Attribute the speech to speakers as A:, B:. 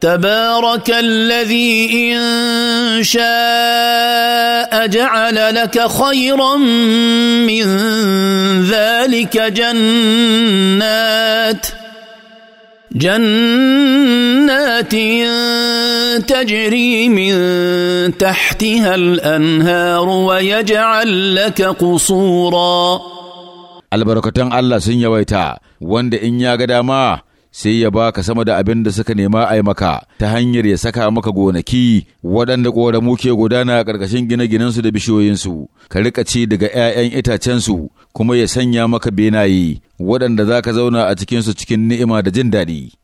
A: تبارك الذي ان شاء جعل لك خيرا من ذلك جنات جنات تجري من تحتها الانهار ويجعل لك قصورا
B: البركه الله sun ويتا wanda ان يا ga sai ya baka sama da abin da suka nema a maka ta hanyar ya saka maka gonaki waɗanda ƙoramu ke gudana a ƙarƙashin gine-ginensu da bishiyoyinsu ka riƙa ci daga 'ya'yan itacensu kuma ya sanya maka benaye waɗanda za ka zauna a cikinsu cikin ni'ima da jin daɗi